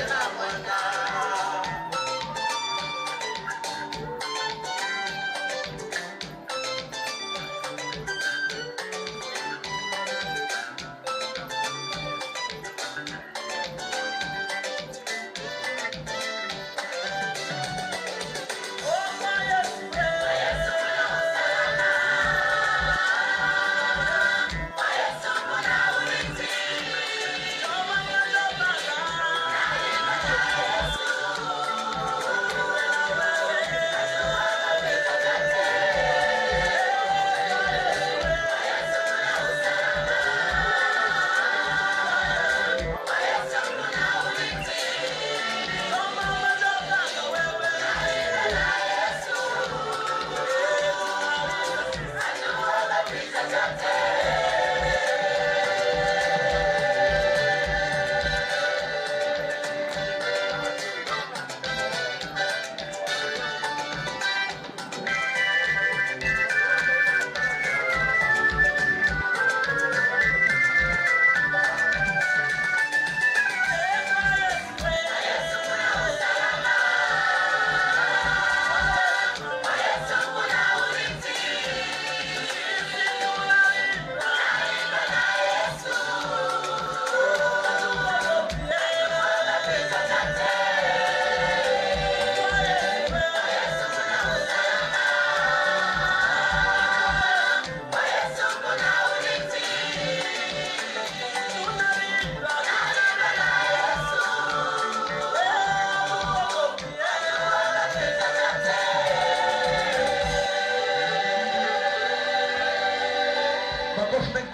Thank you.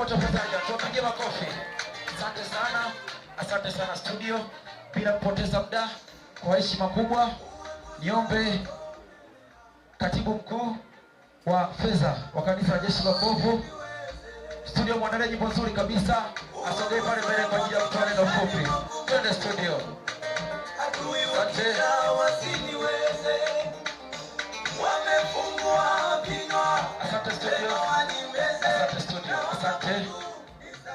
kwa utafadhali tuwapige makofi. Asante sana, asante sana studio. Bila kupoteza muda, kwa heshima kubwa niombe katibu mkuu wa fedha wa kanisa la Jeshi la Wokovu studio, mwandalie nyimbo nzuri kabisa, asogee pale mbele kwa ajili ya kutoa neno fupi. Twende studio. Asante.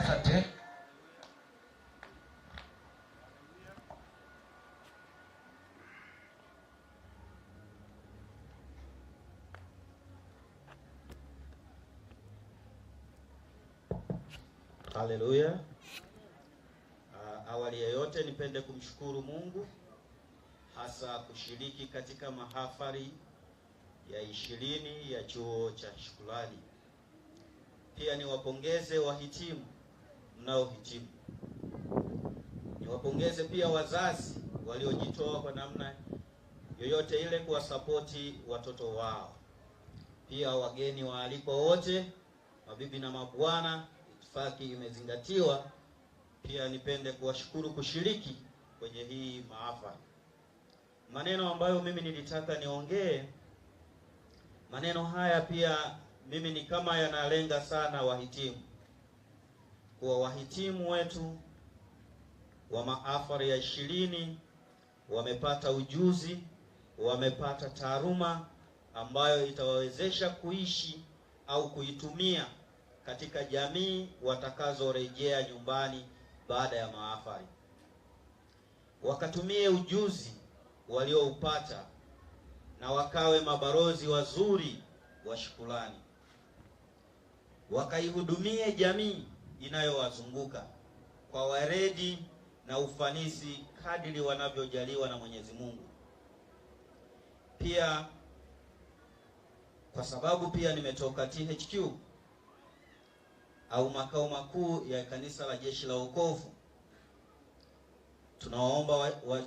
Asante. Haleluya. Uh, ah, awali ya yote nipende kumshukuru Mungu hasa kushiriki katika mahafali ya ishirini ya chuo cha Shukrani. Pia niwapongeze wahitimu mnaohitimu. Niwapongeze pia wazazi waliojitoa kwa namna yoyote ile kuwasapoti watoto wao, pia wageni waalikwa wote, mabibi na mabwana, itifaki imezingatiwa. Pia nipende kuwashukuru kushiriki kwenye hii mahafali. Maneno ambayo mimi nilitaka niongee, maneno haya pia mimi ni kama yanalenga sana wahitimu kuwa wahitimu wetu wa maafari ya ishirini wamepata ujuzi, wamepata taaruma ambayo itawawezesha kuishi au kuitumia katika jamii watakazorejea nyumbani baada ya maafari. Wakatumie ujuzi walioupata na wakawe mabalozi wazuri wa shukrani, wakaihudumie jamii inayowazunguka kwa waredi na ufanisi kadiri wanavyojaliwa na Mwenyezi Mungu. Pia kwa sababu pia nimetoka THQ au makao makuu ya kanisa la Jeshi la Wokovu, tunawaomba wa, wa,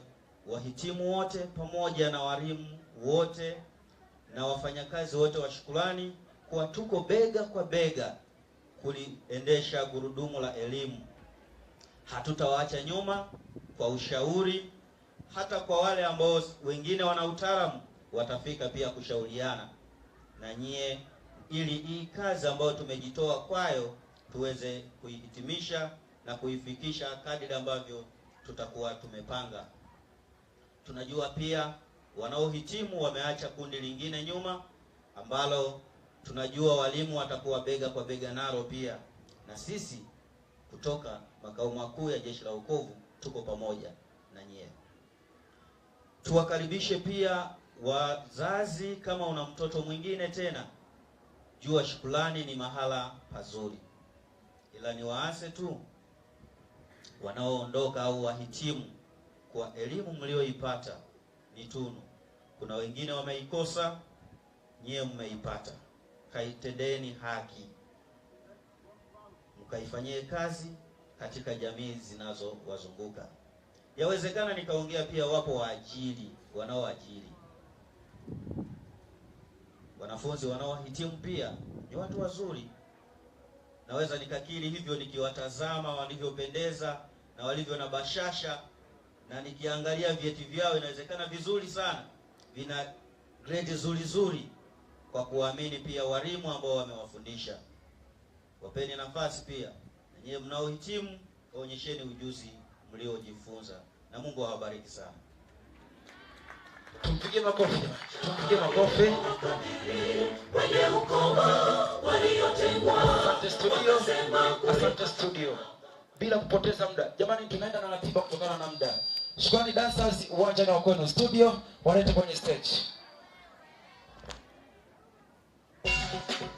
wahitimu wote pamoja na walimu wote na wafanyakazi wote wa shukrani kuwa tuko bega kwa bega kuliendesha gurudumu la elimu. Hatutawaacha nyuma kwa ushauri, hata kwa wale ambao wengine wana utaalamu watafika pia kushauriana na nyie, ili hii kazi ambayo tumejitoa kwayo tuweze kuihitimisha na kuifikisha kadiri ambavyo tutakuwa tumepanga. Tunajua pia wanaohitimu wameacha kundi lingine nyuma ambalo Tunajua walimu watakuwa bega kwa bega nalo pia, na sisi kutoka makao makuu ya Jeshi la Wokovu tuko pamoja na nyewe. Tuwakaribishe pia wazazi, kama una mtoto mwingine tena, jua Shukrani ni mahala pazuri, ila ni waase tu wanaoondoka au wahitimu kwa elimu mlioipata ni tunu. Kuna wengine wameikosa, nyewe mmeipata kaitendeni haki, mkaifanyie kazi katika jamii zinazowazunguka. Yawezekana nikaongea pia, wapo waajiri wanaoajiri wanafunzi wanaohitimu, pia ni watu wazuri. Naweza nikakiri hivyo nikiwatazama walivyopendeza na walivyo na bashasha, na nikiangalia vyeti vyao, inawezekana vizuri sana, vina grade zuri zuri kwa kuwaamini pia walimu ambao wamewafundisha. Wapeni nafasi pia na nyinyi mnaohitimu, waonyesheni ujuzi mliojifunza, na Mungu awabariki sana. Tumpigie makofi, tumpigie makofi. Asante studio, asante studio. Bila kupoteza muda, jamani, tunaenda na ratiba kutokana na muda. Shukrani dancers uwanja na kwenu studio, walete kwenye stage. thank you